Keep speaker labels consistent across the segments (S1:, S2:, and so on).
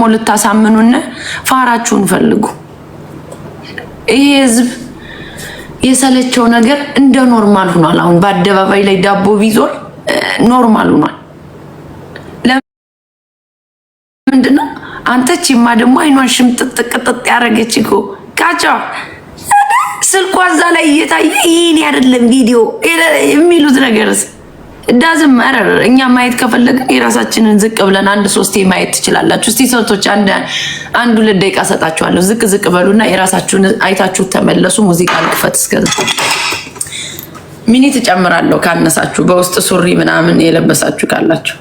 S1: ደግሞ ልታሳምኑን ፋራችሁን ፈልጉ። ይሄ ህዝብ የሰለቸው ነገር እንደ ኖርማል ሆኗል። አሁን በአደባባይ ላይ ዳቦ ቢዞር ኖርማል ሆኗል። ለምንድን ነው አንተ ቺማ ደግሞ አይኗን ሽምጥጥቅጥጥ ያደረገች እኮ ካቸው ስልኳ እዛ ላይ እየታየ ይህን አይደለም ቪዲዮ የሚሉት ነገርስ ዳዝም መረር እኛ ማየት ከፈለግን የራሳችንን ዝቅ ብለን አንድ ሶስቴ ማየት ትችላላችሁ። እስቲ ሰቶች አንድ ሁለት ደቂቃ ሰጣችኋለሁ። ዝቅ ዝቅ በሉና የራሳችሁን አይታችሁ ተመለሱ። ሙዚቃ ልክፈት። እስከዛ ሚኒ ትጨምራለሁ ካነሳችሁ፣ በውስጥ ሱሪ ምናምን የለበሳችሁ ካላችሁ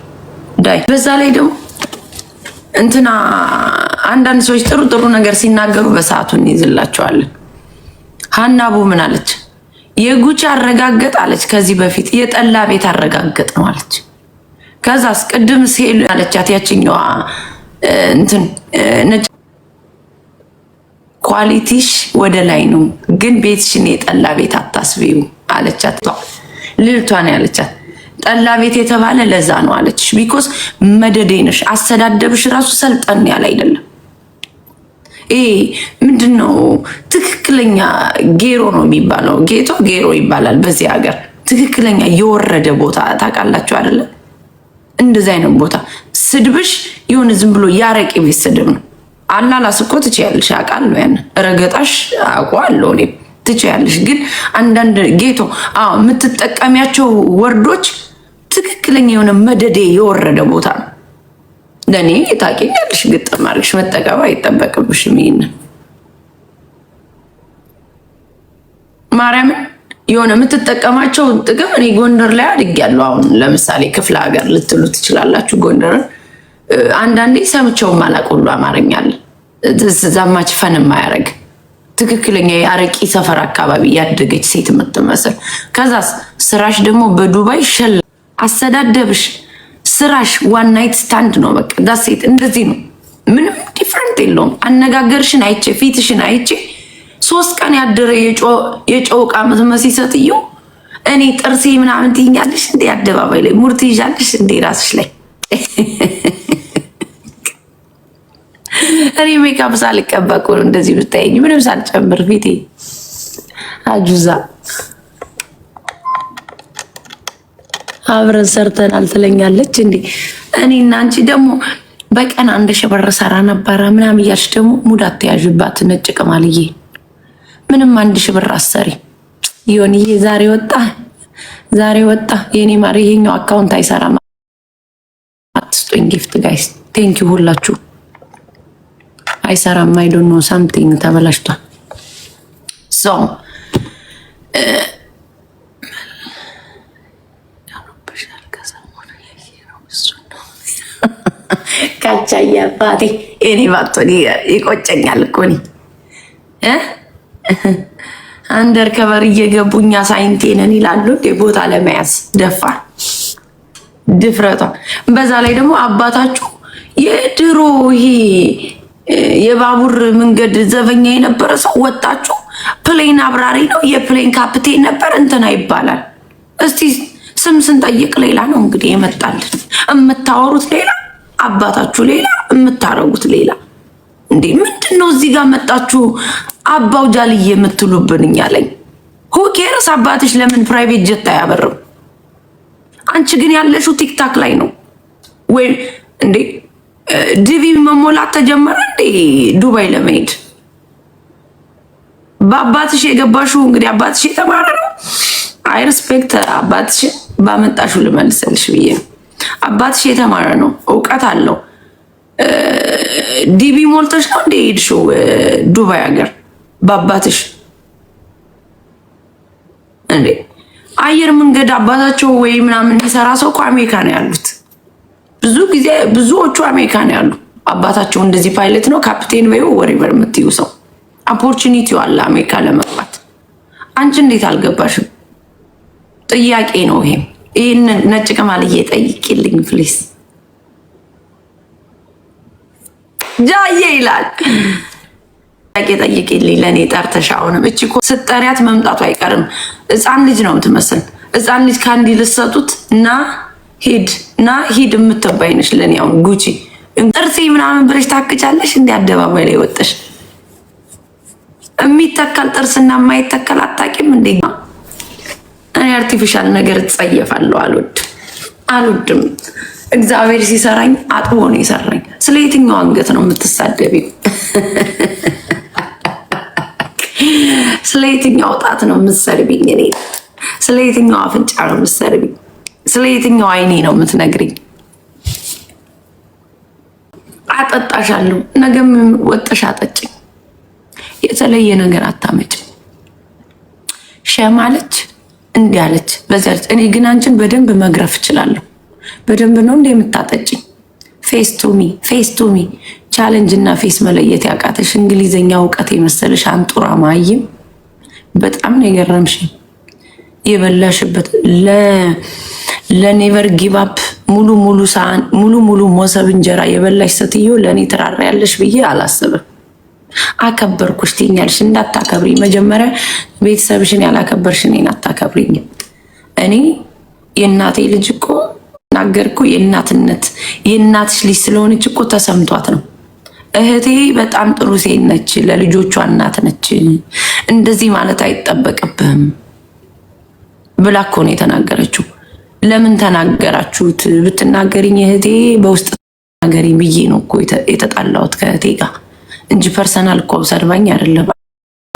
S1: ዳይ። በዛ ላይ ደግሞ እንትና አንዳንድ ሰዎች ጥሩ ጥሩ ነገር ሲናገሩ በሰዓቱ እንይዝላቸዋለን። ሀናቡ ምን አለች? የጉቺ አረጋገጥ አለች። ከዚህ በፊት የጠላ ቤት አረጋገጥ ነው አለች። ከዛ ቅድም ሲሄሉ አለቻት ያችኛዋ እንትን ኳሊቲሽ ወደ ላይ ነው፣ ግን ቤትሽን የጠላ ቤት አታስቢው አለቻት። ልልቷን ያለቻት ጠላ ቤት የተባለ ለዛ ነው አለች። ቢኮስ መደዴ ነሽ፣ አስተዳደብሽ ራሱ ሰልጠን ያለ አይደለም። ምንድን ነው ትክክለኛ ጌሮ ነው የሚባለው። ጌጦ ጌሮ ይባላል በዚህ ሀገር። ትክክለኛ የወረደ ቦታ ታውቃላችሁ አይደለ? እንደዚህ አይነት ቦታ ስድብሽ የሆነ ዝም ብሎ ያረቄ ቤት ስድብ ነው። አላላስ እኮ ትችያለሽ፣ አውቃለሁ። ያንን ረገጣሽ አውቃለሁ እኔም ትችያለሽ። ግን አንዳንድ ጌቶ የምትጠቀሚያቸው ወርዶች ትክክለኛ የሆነ መደዴ የወረደ ቦታ ነው። ለእኔ ታውቂያለሽ፣ ግጥም አድርግሽ መጠቀም አይጠበቅብሽም። ይሄንን ማርያምን የሆነ የምትጠቀማቸው ጥቅም እኔ ጎንደር ላይ አድጌያለሁ። አሁን ለምሳሌ ክፍለ ሀገር ልትሉ ትችላላችሁ። ጎንደርን አንዳንዴ ሰምቼው ማላቅ ሁሉ አማርኛ አለ ዛማች ፈን የማያደርግ ትክክለኛ የአረቂ ሰፈር አካባቢ ያደገች ሴት የምትመስል ከዛስ ስራሽ ደግሞ በዱባይ ሸል አሰዳደብሽ ስራሽ ዋን ናይት ስታንድ ነው። በቃ ዳሴት እንደዚህ ነው። ምንም ዲፍረንት የለውም። አነጋገርሽን አይቼ ፊትሽን አይቼ ሶስት ቀን ያደረ የጨው ዕቃ መሲ እኔ ጥርሴ ምናምን ትይኛለሽ እንዴ? አደባባይ ላይ ሙርት ይዣለሽ እንዴ? ራስሽ ላይ እኔ ሜካፕ ሳልቀባ እኮ ነው እንደዚህ ብታየኝ ምንም ሳልጨምር ፊቴ አጁዛ አብረን ሰርተናል ትለኛለች እንዴ? እኔ እና አንቺ ደግሞ በቀን አንድ ሽብር ሰራ ነበረ ምናምን እያልሽ ደግሞ ሙድ አትያዥባት። ነጭ ቅማልዬ ምንም አንድ ሽብር አሰሪ ይሆን ዛሬ ወጣ ዛሬ ወጣ የኔ ማር ይሄኛው አካውንት አይሰራም። አትስጡኝ ጊፍት ጋይስ ቴንኪ ሁላችሁ። አይሰራም አይዶኖ ሳምቲንግ ተበላሽቷል። ካቻዬ አባቴ እኔ ባትሆን ይቆጨኛል እኮ እኔ አንደር ከበር እየገቡኛ ሳይንቴ ነን ይላሉ። ቦታ ለመያዝ ደፋ ድፍረቷ። በዛ ላይ ደግሞ አባታችሁ የድሮ ይሄ የባቡር መንገድ ዘበኛ የነበረ ሰው ወጣችሁ፣ ፕሌን አብራሪ ነው የፕሌን ካፕቴን ነበር እንትና ይባላል። እስቲ ስም ስንጠይቅ ሌላ ነው እንግዲህ የመጣልን፣ የምታወሩት ሌላ አባታችሁ ሌላ የምታረጉት ሌላ። እንዴ ምንድን ነው እዚህ ጋር መጣችሁ አባው ጃልዬ የምትሉብን? እኛ ላይ ሁኬርስ አባትሽ ለምን ፕራይቬት ጀት አያበርም? አንቺ ግን ያለሽው ቲክታክ ላይ ነው ወይ እንዴ? ዲቪ መሞላት ተጀመረ እንዴ? ዱባይ ለመሄድ በአባትሽ የገባሽው እንግዲህ አባትሽ የተማረ ነው። አይ ሪስፔክት አባትሽ ባመጣሽው ልመልሰልሽ ብዬ ነው። አባትሽ የተማረ ነው፣ እውቀት አለው። ዲቢ ሞልተሽ ነው እንደ ሄድሽው ዱባይ ሀገር በአባትሽ እንዴ አየር መንገድ አባታቸው ወይ ምናምን የሰራ ሰው እኮ አሜሪካ ነው ያሉት። ብዙ ጊዜ ብዙዎቹ አሜሪካ ነው ያሉ። አባታቸው እንደዚህ ፓይለት ነው ካፕቴን ወይ ወሬቨር የምትዩ ሰው ኦፖርቹኒቲው አለ አሜሪካ ለመግባት። አንቺ እንዴት አልገባሽም? ጥያቄ ነው ይሄም። ይህንን ነጭ ቅማልዬ ጠይቂልኝ ፕሊስ። ጃዬ ይላል ጥያቄ ጠይቂልኝ ለእኔ ጠርተሽ። አሁንም እቺ እኮ ስጠሪያት መምጣቱ አይቀርም። ህፃን ልጅ ነው የምትመስል። ህፃን ልጅ ከአንድ ልሰጡት እና ሂድ እና ሂድ የምትባይነች ለእኔ አሁን ጉቺ ጥርሴ ምናምን ብለሽ ታክቻለሽ። እንዲ አደባባይ ላይ ወጥሽ የሚተከል ጥርስና የማይተከል አታቂም እንዴ? እኔ አርቲፊሻል ነገር ጸየፋለሁ። አልወድም አልወድም። እግዚአብሔር ሲሰራኝ አጥቦ ነው የሰራኝ። ስለ የትኛው አንገት ነው የምትሳደቢው? ስለ የትኛው ጣት ነው የምትሰርቢኝ? እኔ ስለ የትኛው አፍንጫ ነው የምትሰርቢኝ? ስለ የትኛው አይኔ ነው የምትነግሪኝ? አጠጣሻለሁ። ነገም ወጠሽ አጠጭኝ። የተለየ ነገር አታመጭም። ሸማለች እንዲህ አለች፣ በዚህ አለች። እኔ ግን አንቺን በደንብ መግረፍ እችላለሁ። በደንብ ነው እንደ የምታጠጭኝ። ፌስ ቱሚ ፌስ ቱሚ ቻለንጅ እና ፌስ መለየት ያቃተሽ እንግሊዘኛ እውቀት የመሰለሽ አንጡራ ማይም በጣም ነው የገረምሽኝ። የበላሽበት ለኔቨር ጊባፕ ሙሉ ሙሉ ሙሉ ሙሉ ሞሰብ እንጀራ የበላሽ ሴትዮ ለእኔ ትራራ ያለሽ ብዬ አላስብም። አከበርኩሽ ትይኛለሽ። መጀመሪያ ቤተሰብሽን ያላከበርሽ እኔን አታከብሪኝም። እኔ የእናቴ ልጅ እኮ ናገርኩ የእናትነት የእናትሽ ልጅ ስለሆነች እኮ ተሰምቷት ነው። እህቴ በጣም ጥሩ ሴት ነች፣ ለልጆቿ እናት ነች። እንደዚህ ማለት አይጠበቅብህም ብላ እኮ ነው የተናገረችው። ለምን ተናገራችሁት? ብትናገሪኝ እህቴ በውስጥ ተናገሪኝ ብዬ ነው እኮ የተጣላሁት ከእህቴ ጋር እንጂ ፐርሰናል እኮ አብሰድባኝ አይደለም።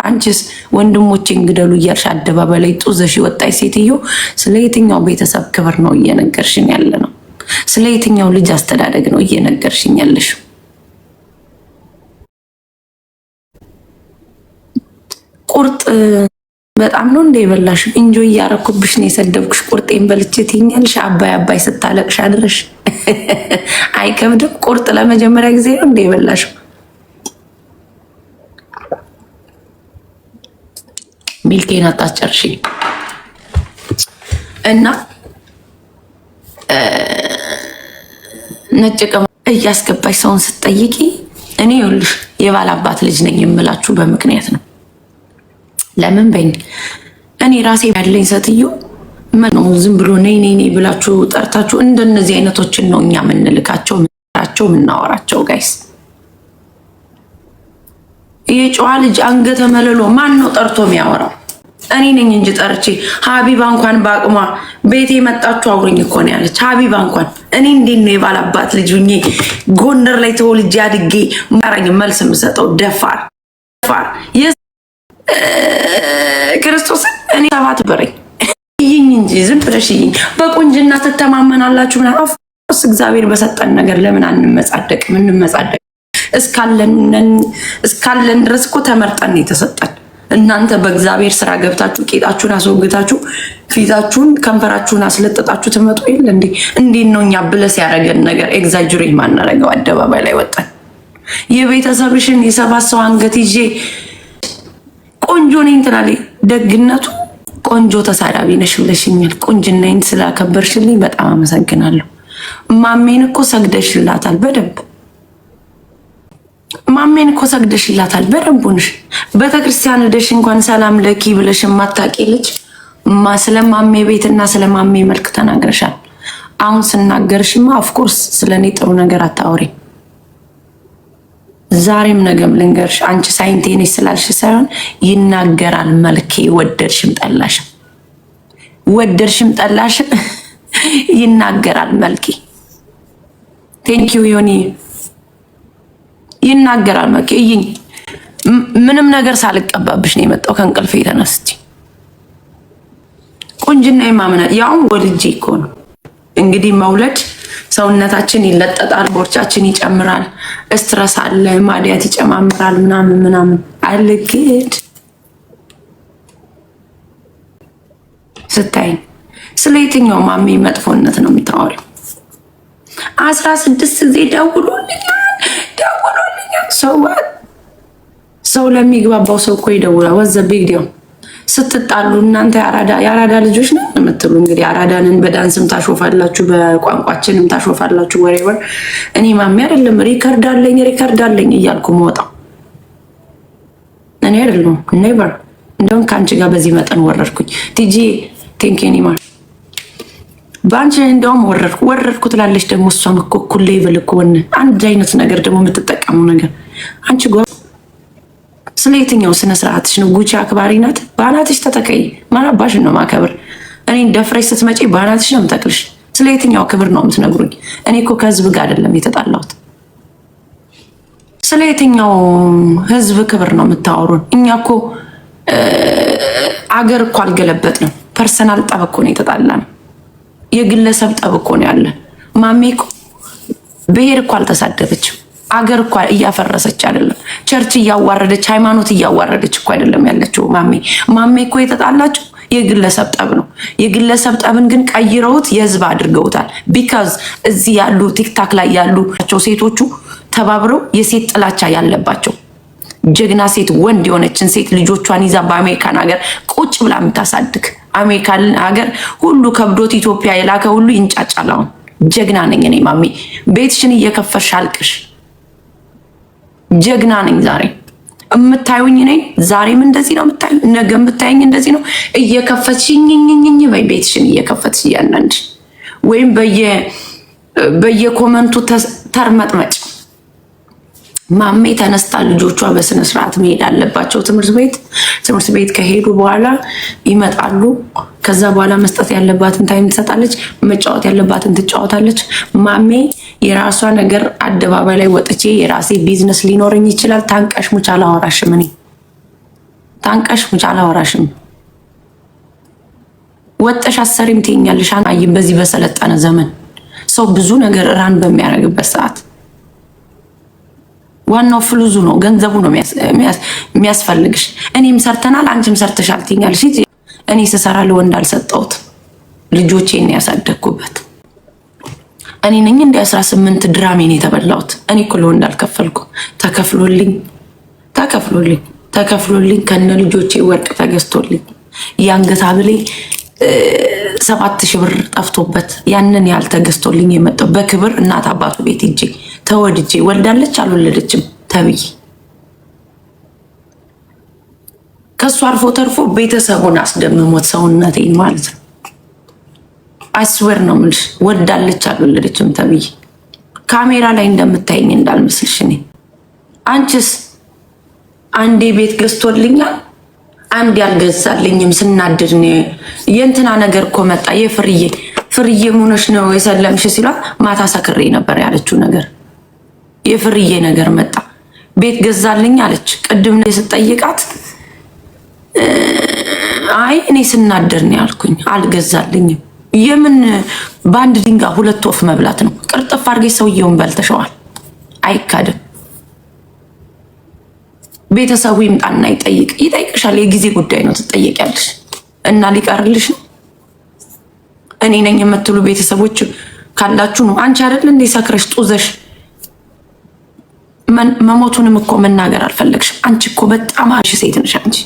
S1: አንቺስ ወንድሞቼ እንግደሉ እያልሽ አደባባይ ላይ ጡዘሽ ወጣች ሴትዮ። ስለ የትኛው ቤተሰብ ክብር ነው እየነገርሽኝ ያለ ነው? ስለ የትኛው ልጅ አስተዳደግ ነው እየነገርሽኝ ያለሽ? ቁርጥ በጣም ነው እንደ የበላሽ እንጆ እያረኩብሽ ነው የሰደብኩሽ። ቁርጤን በልቼ ትኛልሽ። አባይ አባይ ስታለቅሽ አድረሽ አይከብድም? ቁርጥ ለመጀመሪያ ጊዜ ነው እንደ የበላሽው ሚልኬን አታስጨርሺ እና ነጭ ቅባ እያስገባች ሰውን ስትጠይቂ እኔ ይኸውልሽ የባል አባት ልጅ ነኝ የምላችሁ በምክንያት ነው። ለምን በኝ እኔ ራሴ ያለኝ ሴትዮ ነው። ዝም ብሎ ነይ ነይ ነይ ብላችሁ ጠርታችሁ እንደነዚህ አይነቶችን ነው እኛ የምንልካቸው ምንራቸው የምናወራቸው ጋይስ የጨዋ ልጅ አንገተ መለሎ ማን ነው ጠርቶ የሚያወራው? እኔ ነኝ እንጂ ጠርቼ ሀቢባ እንኳን በአቅሟ ቤቴ መጣችሁ አውሩኝ እኮ ነው ያለች። ሀቢባ እንኳን እኔ እንዴት ነው የባላባት ልጅ ሁኜ ጎንደር ላይ ተወልጄ አድጌ ማራኝ መልስ የምሰጠው ደፋር ደፋር ክርስቶስን እኔ ሰባት በረኝ ይኝ እንጂ ዝም ብለሽ ይኝ በቁንጅና ትተማመናላችሁ ምናምን ኦፍኮርስ እግዚአብሔር በሰጠን ነገር ለምን አንመጻደቅም? እንመጻደቅ እስካለን ድረስ እኮ ተመርጠን የተሰጠን እናንተ በእግዚአብሔር ስራ ገብታችሁ ቄጣችሁን አስወግታችሁ ፊታችሁን ከንፈራችሁን አስለጠጣችሁ ትመጡ የለ እንዴ? እንዴት ነው እኛ ብለስ ያደረገን ነገር ኤግዛጅሬ ማናረገው? አደባባይ ላይ ወጣን። የቤተሰብሽን የሰባት ሰው አንገት ይዤ ቆንጆ ነኝ ትላለች። ደግነቱ ቆንጆ ተሳዳቢ ነሽ ብለሽኛል። ስላከበርሽልኝ በጣም አመሰግናለሁ። ማሜን እኮ ሰግደሽላታል በደንብ ማሜን እኮ ሰግደሽላታል በደንቡንሽ ቤተክርስቲያን ደሽ እንኳን ሰላም ለኪ ብለሽ የማታውቂ ልጅ ስለ ማሜ ቤትና ስለ ማሜ መልክ ተናግረሻል። አሁን ስናገርሽማ ኦፍኮርስ ስለ እኔ ጥሩ ነገር አታውሪ። ዛሬም ነገም ልንገርሽ፣ አንቺ ሳይንቴ ነሽ ስላልሽ ሳይሆን ይናገራል መልኬ። ወደድሽም ጠላሽም ወደድሽም ጠላሽም ይናገራል መልኬ። ቴንኪዩ ዮኒ ይናገራል። መኬ ምንም ነገር ሳልቀባብሽ ነው የመጣው ከእንቅልፌ የተነስቼ ቁንጅና የማምናል ያውም ወልጄ እኮ ነው እንግዲህ መውለድ ሰውነታችን ይለጠጣል፣ ቦርጫችን ይጨምራል፣ እስትረስ አለ፣ ማዲያት ይጨማምራል፣ ምናምን ምናምን አልግድ ስታይ ስለ የትኛው ማሜ መጥፎነት ነው የምታወሪው? አስራ ስድስት ጊዜ ደውሎልኛል ሰው ለሚግባባው ሰው እኮ ይደውላል። ወዘ ቢግ ዲው ስትጣሉ እናንተ የአራዳ ልጆች ነው የምትሉ እንግዲህ አራዳንን በዳንስም ታሾፋላችሁ፣ በቋንቋችንም ታሾፋላችሁ። ወሬወር እኔ ማሚ አይደለም ሪከርድ አለኝ ሪከርድ አለኝ እያልኩ መወጣው እኔ አይደለም ኔቨር። እንደውም ከአንቺ ጋር በዚህ መጠን ወረድኩኝ። ቲጂ ቴንኬኒማል በአንቺ እንደውም ወረድኩ ወረድኩ ትላለች ደግሞ እሷም እኮ እኩል ሌቭል እኮ ሆነ አንድ አይነት ነገር ደግሞ የምትጠቀመው ነገር አንቺ ጎ ስለ የትኛው ስነ ስርዓትሽ ነው? ጉቺ አክባሪ ናት። በአናትሽ ተተቀይ ማናባሽ ነው ማከብር። እኔ ደፍረሽ ስትመጪ በአናትሽ ነው የምጠቅልሽ። ስለ የትኛው ክብር ነው የምትነግሩኝ? እኔ እኮ ከህዝብ ጋር አይደለም የተጣላሁት። ስለ የትኛው ህዝብ ክብር ነው የምታወሩን? እኛ እኮ አገር እኮ አልገለበጥንም። ፐርሰናል ጠብ እኮ ነው የተጣላ ነው የግለሰብ ጠብ እኮ ነው ያለ። ማሜ እኮ ብሄር እኮ አልተሳደበችም። አገር እኮ እያፈረሰች አይደለም። ቸርች እያዋረደች፣ ሃይማኖት እያዋረደች እኮ አይደለም ያለችው ማሜ። ማሜ እኮ የተጣላችው የግለሰብ ጠብ ነው። የግለሰብ ጠብን ግን ቀይረውት የህዝብ አድርገውታል። ቢካዝ እዚህ ያሉ ቲክታክ ላይ ያሉ ሴቶቹ ተባብረው የሴት ጥላቻ ያለባቸው ጀግና ሴት ወንድ የሆነችን ሴት ልጆቿን ይዛ በአሜሪካን ሀገር ቁጭ ብላ የምታሳድግ አሜሪካን ሀገር ሁሉ ከብዶት ኢትዮጵያ የላከ ሁሉ ይንጫጫላው። ጀግና ነኝ እኔ ማሚ፣ ቤትሽን እየከፈሽ አልቅሽ። ጀግና ነኝ ዛሬ የምታዩኝ ነኝ። ዛሬም እንደዚህ ነው የምታዩ፣ ነገ የምታየኝ እንደዚህ ነው። እየከፈትሽኝኝኝኝ በይ ቤትሽን እየከፈትሽ እያንዳንድ ወይም በየ በየኮመንቱ ተርመጥመጭ። ማሜ ተነስታ ልጆቿ ስርዓት መሄድ አለባቸው ትምህርት ቤት ትምህርት ቤት ከሄዱ በኋላ ይመጣሉ። ከዛ በኋላ መስጠት ያለባትን ታይም ትሰጣለች፣ መጫወት ያለባትን ትጫወታለች። ማሜ የራሷ ነገር አደባባይ ላይ ወጥቼ የራሴ ቢዝነስ ሊኖረኝ ይችላል። ታንቀሽ ሙች አላወራሽም። እኔ ታንቀሽ ሙች አላወራሽም። ወጠሽ አሰሪም ትኛለሽ። አይ በዚህ በሰለጠነ ዘመን ሰው ብዙ ነገር ራን በሚያደርግበት ሰዓት ዋናው ፍሉዙ ነው፣ ገንዘቡ ነው የሚያስፈልግሽ። እኔም ሰርተናል፣ አንቺም ሰርተሻል ትይኛለሽ። እኔ ስሰራ ለወንድ አልሰጠሁት፣ ልጆቼን ያሳደግኩበት እኔ ነኝ። እንደ አስራ ስምንት ድራሜን የተበላሁት እኔ እኮ ለወንድ አልከፈልኩ። ተከፍሎልኝ ተከፍሎልኝ ተከፍሎልኝ ከነ ልጆቼ ወርቅ ተገዝቶልኝ የአንገት ሐብሌ ሰባት ሺህ ብር ጠፍቶበት ያንን ያህል ተገዝቶልኝ የመጣው በክብር እናት አባቱ ቤት እጅ ተወድጄ ወልዳለች አልወለደችም ተብዬ ከእሱ አልፎ ተርፎ ቤተሰቡን አስደምሞት ሰውነቴን ማለት ነው። አይስዌር ነው የምልሽ። ወልዳለች አልወለደችም ተብዬ ካሜራ ላይ እንደምታይኝ እንዳልመስልሽ። እኔ አንቺስ አንዴ ቤት ገዝቶልኛል፣ አንዴ ያልገዛልኝም ስናድድ የእንትና ነገር እኮ መጣ። የፍርዬ ፍርዬ ሙኖች ነው የሰለምሽ ሲሏት ማታ ሰክሬ ነበር ያለችው ነገር የፍርዬ ነገር መጣ። ቤት ገዛልኝ አለች። ቅድም ስጠይቃት አይ እኔ ስናደር ነው ያልኩኝ፣ አልገዛልኝም። የምን በአንድ ድንጋይ ሁለት ወፍ መብላት ነው። ቅርጥፍ አርጌ ሰውየውን በልተሸዋል። አይካድም። ቤተሰቡ ይምጣና ይጠይቅ። ይጠይቅሻል። የጊዜ ጉዳይ ነው። ትጠየቂያለሽ እና ሊቀርልሽ ነው። እኔ ነኝ የምትሉ ቤተሰቦች ካላችሁ ነው። አንቺ አይደል እንዴ ሰክረሽ ጡዘሽ መሞቱንም እኮ መናገር አልፈለግሽም። አንቺ እኮ በጣም አሽ ሴት ነሽ። አንቺ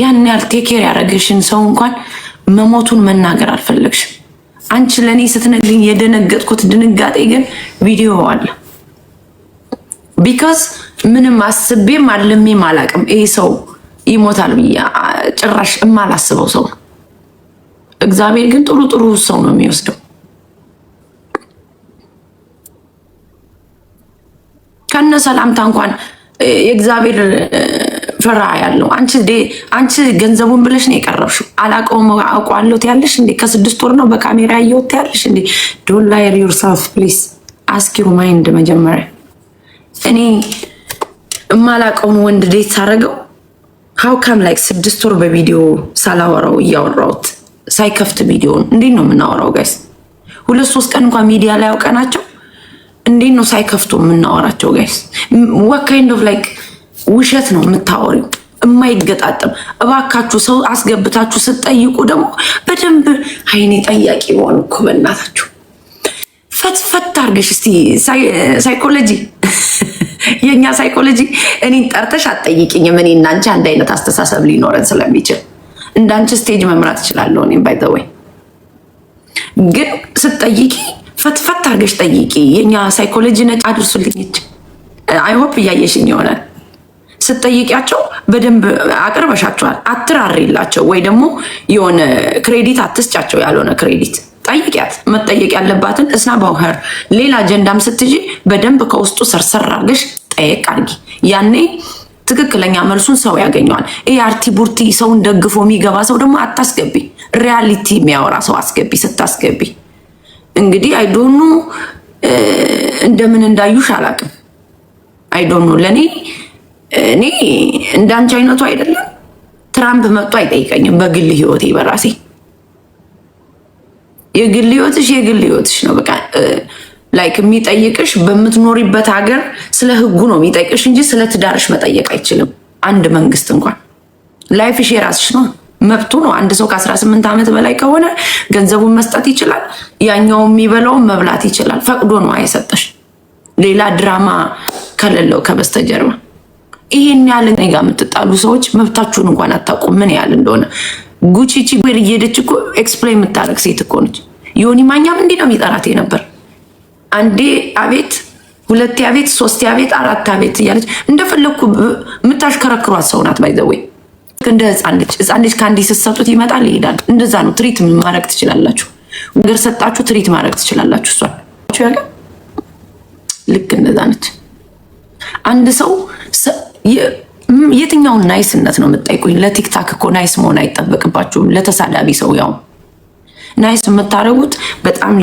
S1: ያን ያህል ቴኬር ያደረግሽን ሰው እንኳን መሞቱን መናገር አልፈለግሽም። አንቺ ለእኔ ስትነግሪኝ የደነገጥኩት ድንጋጤ ግን ቪዲዮ አለ። ቢካዝ ምንም አስቤም አልሜም አላቅም። ይህ ሰው ይሞታል ብዬ ጭራሽ እማላስበው ሰው ነው። እግዚአብሔር ግን ጥሩ ጥሩ ሰው ነው የሚወስደው ከነ ሰላምታ እንኳን የእግዚአብሔር ፍራ ያለው አንቺ ገንዘቡን ብለሽ ነው የቀረብሽው። አላቀውም አውቀዋለሁ ያለሽ እንዴ? ከስድስት ወር ነው በካሜራ እየወት ያለሽ እንዴ? ዶንት ላይር ዩርሰልፍ ፕሊዝ ማይንድ መጀመሪያ። እኔ እማላቀውን ወንድ ዴት ሳረገው ሀው ከም ላይክ ስድስት ወር በቪዲዮ ሳላወራው እያወራውት ሳይከፍት ቪዲዮን እንዴት ነው የምናወራው ጋይስ? ሁለት ሶስት ቀን እንኳን ሚዲያ ላይ ናቸው እንዴት ነው ሳይከፍቱ የምናወራቸው ጋይስ? ካይንድ ኦፍ ላይክ ውሸት ነው የምታወሪው የማይገጣጠም እባካችሁ ሰው አስገብታችሁ ስትጠይቁ ደግሞ በደንብ አይኔ ጠያቂ በሆኑ እኮ በእናታችሁ ፈትፈት አርገሽ እስቲ ሳይኮሎጂ የእኛ ሳይኮሎጂ እኔን ጠርተሽ አትጠይቂኝም። እኔ እናንቺ አንድ አይነት አስተሳሰብ ሊኖረን ስለሚችል እንዳንቺ ስቴጅ መምራት እችላለሁ። እኔም ባይ ዘ ወይ ግን ስትጠይቂ ፈትፈት አድርገሽ ጠይቂ። የኛ ሳይኮሎጂ ነጭ አድርሱልኝች አይሆፕ እያየሽኝ ይሆናል። ስትጠይቂያቸው በደንብ አቅርበሻቸዋል። አትራሪላቸው ወይ ደግሞ የሆነ ክሬዲት አትስጫቸው። ያልሆነ ክሬዲት ጠይቂያት መጠየቅ ያለባትን እስና በውሀር ሌላ አጀንዳም ስትጂ በደንብ ከውስጡ ሰርሰር አድርገሽ ጠየቅ አድርጊ። ያኔ ትክክለኛ መልሱን ሰው ያገኘዋል። ይህ አርቲ ቡርቲ ሰውን ደግፎ የሚገባ ሰው ደግሞ አታስገቢ። ሪያሊቲ የሚያወራ ሰው አስገቢ ስታስገቢ እንግዲህ አይዶኑ እንደምን እንዳዩሽ አላውቅም። አይዶኑ ለእኔ እኔ እንዳንቺ አይነቱ አይደለም። ትራምፕ መጥቶ አይጠይቀኝም በግል ህይወቴ በራሴ የግል ህይወትሽ የግል ህይወትሽ ነው። በቃ ላይክ የሚጠይቅሽ በምትኖሪበት ሀገር ስለ ህጉ ነው የሚጠይቅሽ እንጂ ስለ ትዳርሽ መጠየቅ አይችልም። አንድ መንግስት እንኳን ላይፍሽ የራስሽ ነው። መብቱ ነው። አንድ ሰው ከ18 ዓመት በላይ ከሆነ ገንዘቡን መስጠት ይችላል። ያኛው የሚበላውን መብላት ይችላል። ፈቅዶ ነው አይሰጠሽ። ሌላ ድራማ ከሌለው ከበስተጀርባ ይሄን ያህል እኔ ጋር የምትጣሉ ሰዎች መብታችሁን እንኳን አታውቁም፣ ምን ያህል እንደሆነ። ጉቺቺ ቺጉር እየሄደች እኮ ኤክስፕሌን የምታደርግ ሴት እኮ ነች። ዮኒ ማኛም እንዲህ ነው የሚጠራት ነበር። አንዴ አቤት፣ ሁለቴ አቤት፣ ሶስቴ አቤት፣ አራት አቤት እያለች እንደፈለግኩ የምታሽከረክሯት ሰው ናት ባይዘወይ እንደ ህፃን ልጅ ህፃን ልጅ ከአንዴ ስትሰጡት ይመጣል ይሄዳል። እንደዛ ነው። ትሪት ማድረግ ትችላላችሁ። ነገር ሰጣችሁ ትሪት ማድረግ ትችላላችሁ። እሷን ያለ ልክ እንደዛ ነች። አንድ ሰው የትኛውን ናይስነት ነው የምጠይቁኝ? ለቲክታክ እኮ ናይስ መሆን አይጠበቅባችሁም። ለተሳዳቢ ሰው ያው ናይስ የምታደርጉት በጣም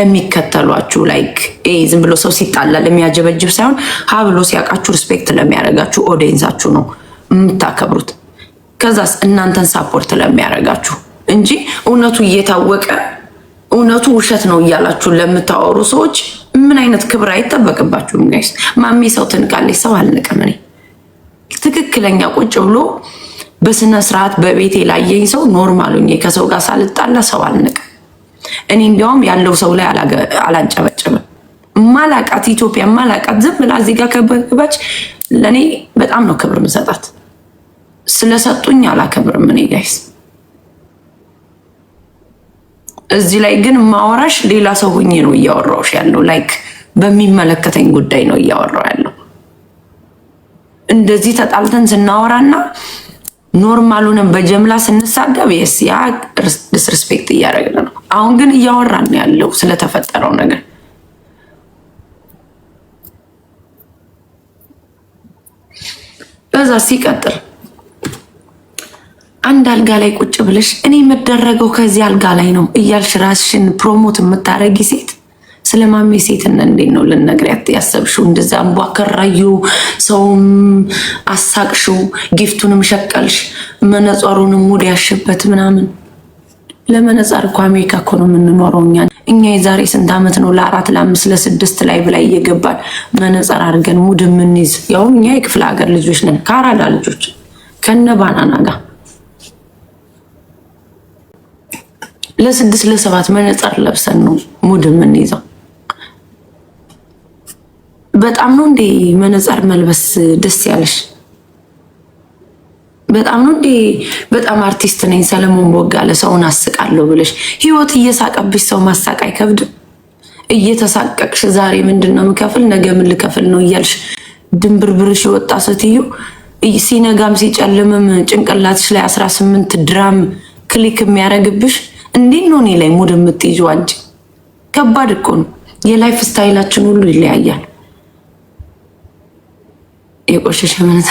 S1: ለሚከተሏችሁ ላይክ ዝም ብሎ ሰው ሲጣላ ለሚያጀበጅብ ሳይሆን ሀብሎ ሲያውቃችሁ ሪስፔክት ለሚያደርጋችሁ ኦዲየንሳችሁ ነው። የምታከብሩት ከዛስ እናንተን ሳፖርት ለሚያደርጋችሁ እንጂ እውነቱ እየታወቀ እውነቱ ውሸት ነው እያላችሁ ለምታወሩ ሰዎች ምን አይነት ክብር አይጠበቅባችሁም ጋይስ። ማሜ ሰው ትንቃለች፣ ሰው አልንቅም። እኔ ትክክለኛ ቁጭ ብሎ በስነ ስርዓት በቤቴ ላየኝ ሰው ኖርማል ሆኜ ከሰው ጋር ሳልጣላ ሰው አልንቅም። እኔ እንዲያውም ያለው ሰው ላይ አላንጨበጨብም። ማላቃት ኢትዮጵያ ማላቃት ዝም ብላ እዚህ ጋር ከበግባች ለእኔ በጣም ነው ክብር ምሰጣት። ስለሰጡኝ አላከብርም እኔ ጋይስ። እዚህ ላይ ግን ማወራሽ ሌላ ሰው ሁኜ ነው እያወራውሽ ያለው። ላይክ በሚመለከተኝ ጉዳይ ነው እያወራው ያለው። እንደዚህ ተጣልተን ስናወራና ኖርማሉን በጀምላ ስንሳደብ የስ ያ ዲስሪስፔክት እያደረግን ነው። አሁን ግን እያወራን ያለው ስለተፈጠረው ነገር በዛ ሲቀጥል አንድ አልጋ ላይ ቁጭ ብለሽ እኔ የምደረገው ከዚህ አልጋ ላይ ነው እያልሽ ራስሽን ፕሮሞት የምታረጊ ሴት ስለ ማሜ ሴትና እንዴት ነው ልነግሪያት ያሰብሽው? እንደዛ አንቧከራዩ ሰውም አሳቅሽው፣ ጊፍቱንም ሸቀልሽ፣ መነጸሩንም ሙድ ያሽበት ምናምን። ለመነጸር እኮ አሜሪካ እኮ ነው የምንኖረው እኛ እኛ የዛሬ ስንት ዓመት ነው ለአራት ለአምስት ለስድስት ላይ ብላይ እየገባል መነጸር አድርገን ሙድ የምንይዝ ያውም እኛ የክፍለ ሀገር ልጆች ነን፣ ከአራዳ ልጆች ከነ ባናና ጋር ለስድስት ለሰባት መነጽር ለብሰን ነው ሙድ የምንይዘው። በጣም ነው እንዴ መነጽር መልበስ ደስ ያለሽ? በጣም ነው እንዴ በጣም አርቲስት ነኝ ሰለሞን ቦጋለ ሰውን አስቃለሁ ብለሽ ህይወት እየሳቀብሽ ሰው ማሳቅ አይከብድም? እየተሳቀቅሽ ዛሬ ምንድን ነው ምከፍል ነገ ምን ልከፍል ነው እያልሽ ድንብርብርሽ የወጣ ስትዩ ሲነጋም ሲጨልምም ጭንቅላትሽ ላይ አስራ ስምንት ድራም ክሊክ የሚያደርግብሽ እንዴት ነው እኔ ላይ ሙድ የምትይዙ አንቺ? ከባድ እኮ ነው። የላይፍ ስታይላችን ሁሉ ይለያያል። የቆሸሸ መነት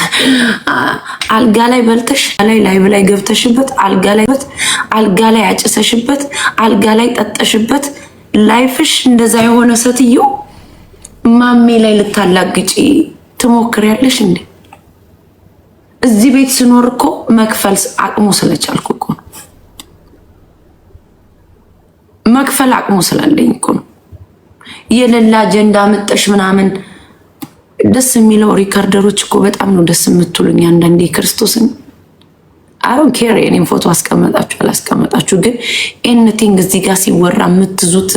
S1: አልጋ ላይ በልተሽ ላይ ላይ ላይ ገብተሽበት አልጋ ላይ አልጋ ላይ አጭሰሽበት አልጋ ላይ ጠጠሽበት ላይፍሽ እንደዛ የሆነ ሰትዮ ማሜ ላይ ልታላግጪ ትሞክሪያለሽ እንዴ? እዚህ ቤት ስኖር እኮ መክፈል አቅሙ ስለቻልኩ እኮ ነው። መክፈል አቅሙ ስላለኝ እኮ ነው። የሌላ አጀንዳ ምጠሽ ምናምን ደስ የሚለው ሪከርደሮች እኮ በጣም ነው ደስ የምትሉኝ። አንዳንዴ ክርስቶስን አሮን ኬር የኔም ፎቶ አስቀመጣችሁ አላስቀመጣችሁ፣ ግን ኤኒቲንግ እዚህ ጋር ሲወራ የምትዙት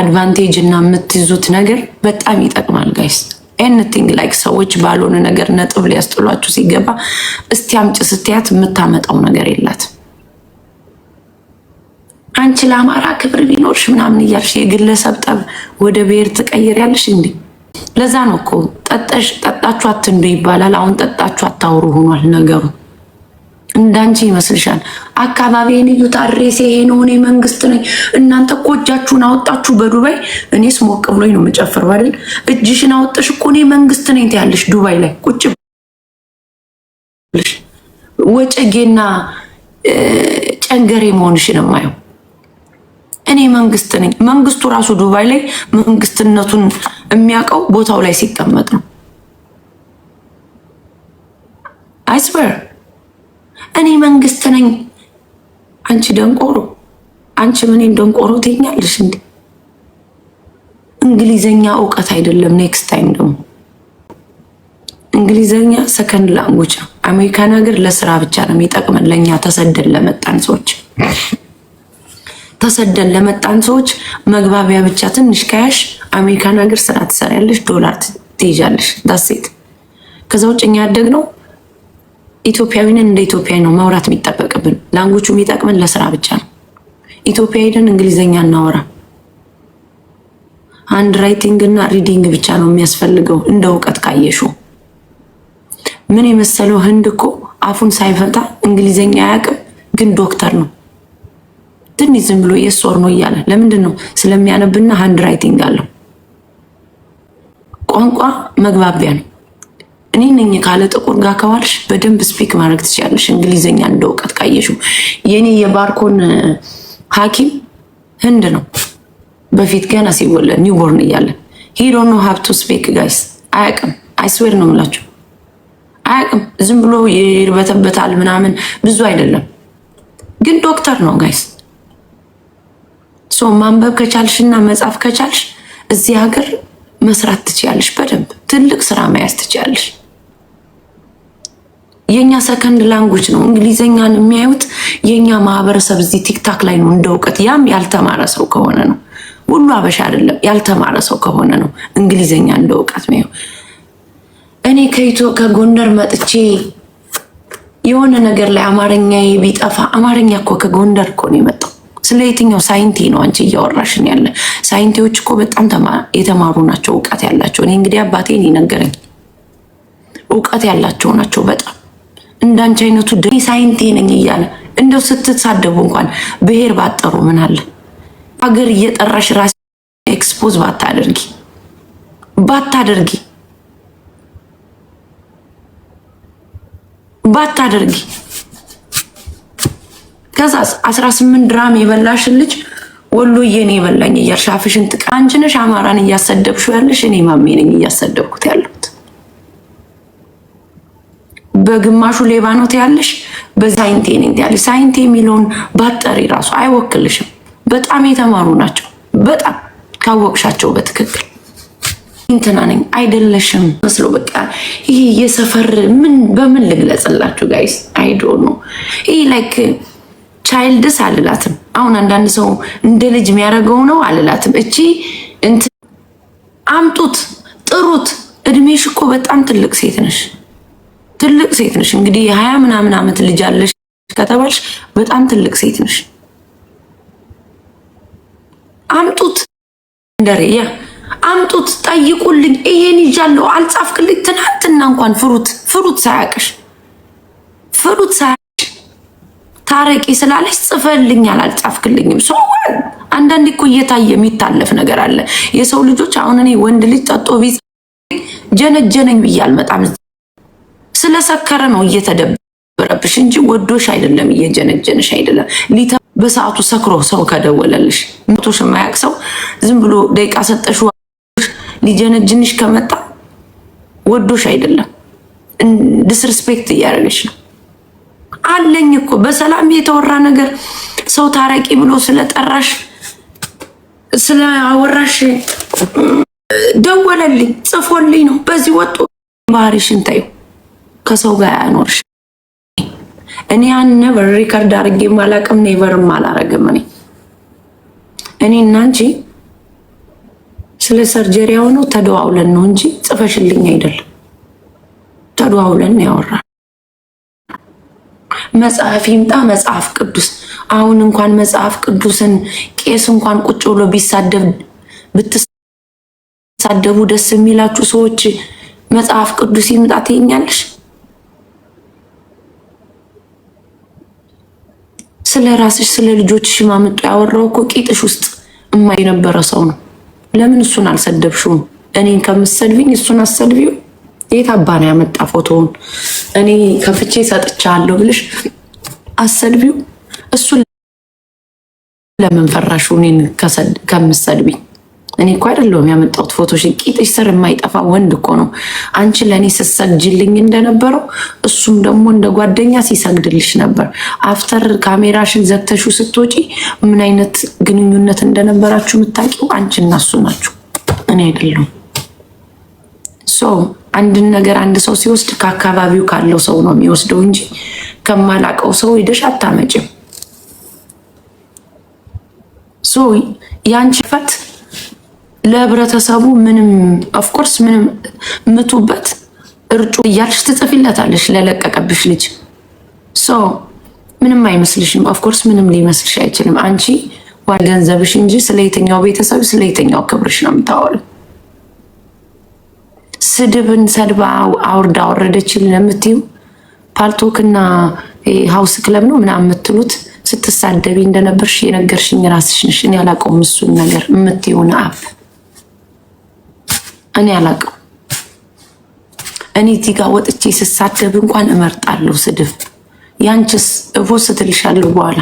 S1: አድቫንቴጅ እና የምትይዙት ነገር በጣም ይጠቅማል ጋይስ። ኤንቲንግ ላይክ ሰዎች ባልሆነ ነገር ነጥብ ሊያስጥሏችሁ ሲገባ እስቲ አምጭ ስትያት የምታመጣው ነገር የላትም። አንቺ ለአማራ ክብር ቢኖርሽ ምናምን እያልሽ የግለሰብ ጠብ ወደ ብሔር ትቀይሪያለሽ እንዴ? ለዛ ነው እኮ ጠጠሽ ጠጣችሁ አትንዱ ይባላል። አሁን ጠጣችሁ አታውሩ ሆኗል ነገሩ። እንዳንቺ ይመስልሻል? አካባቢ እዩት፣ አድሬሴ ይሄ ነው፣ እኔ መንግስት ነኝ። እናንተ እኮ እጃችሁን አወጣችሁ በዱባይ። እኔስ ሞቅ ብሎኝ ነው የምጨፍረው አይደል? እጅሽን አወጣሽ እኮ እኔ መንግስት ነኝ ትያለሽ ዱባይ ላይ ቁጭ ወጨጌና ጨንገሬ መሆንሽን የማየው እኔ መንግስት ነኝ። መንግስቱ ራሱ ዱባይ ላይ መንግስትነቱን የሚያውቀው ቦታው ላይ ሲቀመጥ ነው። አይስበር እኔ መንግስት ነኝ። አንቺ ደንቆሮ፣ አንቺ ምኔን ደንቆሮ ትኛለሽ እንዴ? እንግሊዘኛ እውቀት አይደለም። ኔክስት ታይም ደግሞ እንግሊዘኛ ሰከንድ ላንጉጅ ነው። አሜሪካን ሀገር ለስራ ብቻ ነው የሚጠቅመን ለእኛ ተሰደን ለመጣን ሰዎች ተሰደን ለመጣን ሰዎች መግባቢያ ብቻ ትንሽ ከያሽ አሜሪካን ሀገር ስራ ትሰሪያለሽ፣ ዶላር ትይዣለሽ። ዳሴት ከዛ ውጭ እኛ ያደግነው ኢትዮጵያዊንን እንደ ኢትዮጵያዊ ነው ማውራት የሚጠበቅብን። ላንጎቹ የሚጠቅመን ለስራ ብቻ ነው። ኢትዮጵያ ሄደን እንግሊዝኛ እናወራ። አንድ ራይቲንግ እና ሪዲንግ ብቻ ነው የሚያስፈልገው። እንደ እውቀት ካየሹ ምን የመሰለው ህንድ እኮ አፉን ሳይፈታ እንግሊዝኛ አያውቅም፣ ግን ዶክተር ነው። ትንሽ ዝም ብሎ የሶር ነው እያለ ለምንድን ነው ስለሚያነብና ሃንድ ራይቲንግ አለው። ቋንቋ መግባቢያ ነው። እኔ ነኝ ካለ ጥቁር ጋር ከዋልሽ በደንብ ስፒክ ማድረግ ትችላለሽ። እንግሊዝኛ እንደ እውቀት ቀየሹ የኔ የባርኮን ሀኪም ህንድ ነው። በፊት ገና ሲወለድ ኒውቦርን እያለ ሂዶ ነው ሀብቱ ስፒክ ጋይስ አያቅም። አይስዌር ነው የምላቸው አያቅም። ዝም ብሎ ይርበተበታል ምናምን ብዙ አይደለም፣ ግን ዶክተር ነው ጋይስ ሶ ማንበብ ከቻልሽ እና መጻፍ ከቻልሽ እዚህ ሀገር መስራት ትችያለሽ። በደንብ ትልቅ ስራ መያዝ ትችያለሽ። የኛ ሰከንድ ላንጉጅ ነው እንግሊዘኛን የሚያዩት የኛ ማህበረሰብ እዚህ ቲክታክ ላይ ነው እንደ እውቀት። ያም ያልተማረ ሰው ከሆነ ነው፣ ሁሉ አበሻ አይደለም። ያልተማረ ሰው ከሆነ ነው እንግሊዘኛ እንደ እውቀት ሚው እኔ ከጎንደር መጥቼ የሆነ ነገር ላይ አማርኛ ቢጠፋ አማርኛ እኮ ከጎንደር እኮ ነው የመጣው ስለ የትኛው ሳይንቲ ነው አንቺ እያወራሽን ያለ? ሳይንቲዎች እኮ በጣም የተማሩ ናቸው፣ እውቀት ያላቸው። እኔ እንግዲህ አባቴን ይነገረኝ እውቀት ያላቸው ናቸው በጣም እንዳንቺ አይነቱ ደ ሳይንቲ ነኝ እያለ እንደው ስትሳደቡ እንኳን ብሄር ባጠሩ ምን አለ? ሀገር እየጠራሽ ራስ ኤክስፖዝ ባታደርጊ ባታደርጊ ባታደርጊ ከዛ 18 ድራም የበላሽን ልጅ ወሎዬ ነው የበላኝ እያልሽ አፍሽን ጥቀ ነሽ አማራን እያሰደብሽው ያለሽ። እኔ ማሜ ነኝ እያሰደብኩት ያለሁት። በግማሹ ሌባ ነው ትያለሽ፣ በሳይንቴ ነኝ ትያለሽ። ሳይንቴ የሚለውን ባጠሪ ራሱ አይወክልሽም። በጣም የተማሩ ናቸው። በጣም ካወቅሻቸው በትክክል እንትና ነኝ አይደለሽም መስሎ በቃ ይሄ የሰፈር ምን በምን ልግለጽላችሁ ጋይስ? አይዶ ነው ይሄ ላይክ ቻይልድስ አልላትም። አሁን አንዳንድ ሰው እንደ ልጅ የሚያደርገው ነው አልላትም። እቺ እንትን አምጡት፣ ጥሩት። እድሜሽ እኮ በጣም ትልቅ ሴት ነሽ፣ ትልቅ ሴት ነሽ። እንግዲህ የሀያ ምናምን ዓመት ልጅ አለሽ ከተባልሽ በጣም ትልቅ ሴት ነሽ። አምጡት እንደሬያ አምጡት፣ ጠይቁልኝ፣ ይሄን ይዣለሁ አልጻፍክልኝ። ትናንትና እንኳን ፍሩት፣ ፍሩት ሳያቅሽ ፍሩት ሳያ ታረቂ ስላለች ጽፈልኛል አልጻፍክልኝም። ሰው አንዳንድ እኮ እየታየ የሚታለፍ ነገር አለ። የሰው ልጆች አሁን እኔ ወንድ ልጅ ጠጦ ቢዝ ጀነጀነኝ ብዬ አልመጣም። ስለሰከረ ነው እየተደበረብሽ እንጂ ወዶሽ አይደለም፣ እየጀነጀንሽ አይደለም። ሊተ በሰዓቱ ሰክሮ ሰው ከደወለልሽ ቶሽ የማያውቅ ሰው ዝም ብሎ ደቂቃ ሰጠሽ ሊጀነጅንሽ ከመጣ ወዶሽ አይደለም፣ ዲስሪስፔክት እያደረገች ነው። አለኝ እኮ በሰላም የተወራ ነገር ሰው ታረቂ ብሎ ስለጠራሽ ስለአወራሽ ደወለልኝ ጽፎልኝ ነው። በዚህ ወጡ ባህሪሽን ታዩ ከሰው ጋር አያኖርሽ እኔ ያን ነበር ሪከርድ አድርጌም አላቅም፣ ኔቨርም አላረግም። እኔ እኔ እና እንጂ ስለ ሰርጀሪ ያሆነው ተደዋውለን ነው እንጂ ጽፈሽልኝ አይደለም። ተደዋውለን ያወራል መጽሐፍ ይምጣ መጽሐፍ ቅዱስ። አሁን እንኳን መጽሐፍ ቅዱስን ቄስ እንኳን ቁጭ ብሎ ቢሳደብ ብትሳደቡ ደስ የሚላችሁ ሰዎች መጽሐፍ ቅዱስ ይምጣ ትይኛለሽ። ስለ ራስሽ ስለ ልጆች ማመጡ ያወራው እኮ ቂጥሽ ውስጥ እማይ የነበረ ሰው ነው። ለምን እሱን አልሰደብሽውም? እኔን ከምሰድብኝ እሱን አሰድቢው። የት አባ ነው ያመጣ ፎቶውን? እኔ ከፍቼ ሰጥቻለሁ ብልሽ አሰድቢው እሱን ለምን ፈራሹ? እኔን ከምሰድቢ እኔ እኮ አይደለሁም ያመጣሁት ፎቶሽን። ቂጥሽ ስር የማይጠፋ ወንድ እኮ ነው አንቺ ለእኔ ስሰግጅልኝ እንደነበረው እሱም ደግሞ እንደ ጓደኛ ሲሰግድልሽ ነበር። አፍተር ካሜራሽን ዘግተሹ ስትወጪ ምን አይነት ግንኙነት እንደነበራችሁ የምታውቂው አንቺ እና እሱ ናችሁ፣ እኔ አይደለሁም። አንድን ነገር አንድ ሰው ሲወስድ ከአካባቢው ካለው ሰው ነው የሚወስደው እንጂ ከማላቀው ሰው ሄደሽ አታመጭም። ያንቺ ፈት ለህብረተሰቡ ምንም ኦፍኮርስ ምንም ምቱበት እርጩ እያልሽ ትጽፊለታለሽ ለለቀቀብሽ ልጅ ምንም አይመስልሽም። ኦፍኮርስ ምንም ሊመስልሽ አይችልም። አንቺ ዋል ገንዘብሽ እንጂ ስለየትኛው ቤተሰብ ስለ ክብርሽ ነው የምታወለው። ስድብን ሰድባ አውርዳ አወረደችን ለምትዩ ፓልቶክና ሀውስ ክለብ ነው ምናምን የምትሉት ስትሳደቢ እንደነበርሽ የነገርሽኝ ራስሽ እኔ አላውቀውም እሱን ነገር የምትሆነ አፍ እኔ አላውቀውም። እኔ እዚህ ጋር ወጥቼ ስሳደብ እንኳን እመርጣለሁ ስድብ። ያንቺስ እቦ ስትልሻለሁ በኋላ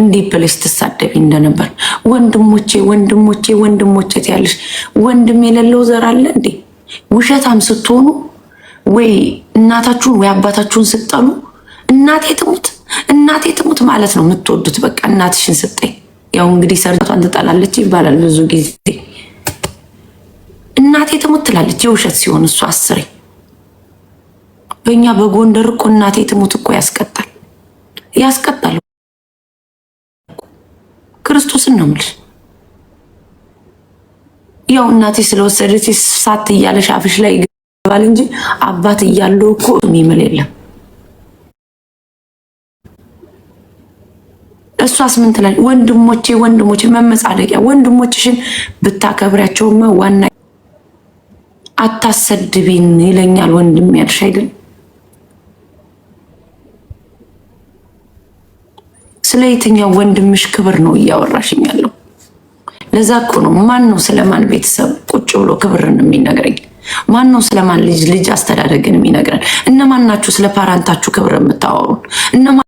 S1: እንዲህ ብለሽ ትሳደቢ እንደነበር ወንድሞቼ ወንድሞቼ ወንድሞቼ ትያለሽ። ወንድም የሌለው ዘር አለ እንዴ? ውሸታም ስትሆኑ ወይ እናታችሁን ወይ አባታችሁን ስጠሉ እናቴ ትሙት እናቴ ትሙት ማለት ነው የምትወዱት። በቃ እናትሽን ስጠኝ። ያው እንግዲህ ሰርቷን ትጠላለች ይባላል ብዙ ጊዜ እናቴ ትሙት ትላለች። የውሸት ሲሆን እሱ አስሬ በእኛ በጎንደር እኮ እናቴ ትሙት እኮ ያስቀጣል፣ ያስቀጣል። ክርስቶስን ነው የምልሽ። ያው እናቴ ስለወሰደች ሳት እያለሽ አፍሽ ላይ ይገባል እንጂ አባት እያለው እኮ የሚምል የለም። እሷስ ምን ትላል? ወንድሞቼ ወንድሞቼ መመጻደቂያ ወንድሞችሽን ብታከብሪያቸውማ ዋና አታሰድቢን ይለኛል ወንድም ያልሽ አይደል? ስለ የትኛው ወንድምሽ ክብር ነው እያወራሽኛለሁ? ለዛ እኮ ነው ማን ነው ስለማን ቤተሰብ ቁጭ ብሎ ክብርን የሚነግረኝ? ማን ነው ስለማን ልጅ ልጅ አስተዳደግን የሚነግረን? እነማን ናችሁ ስለ ፓራንታችሁ ክብር የምታወሩን? እነማን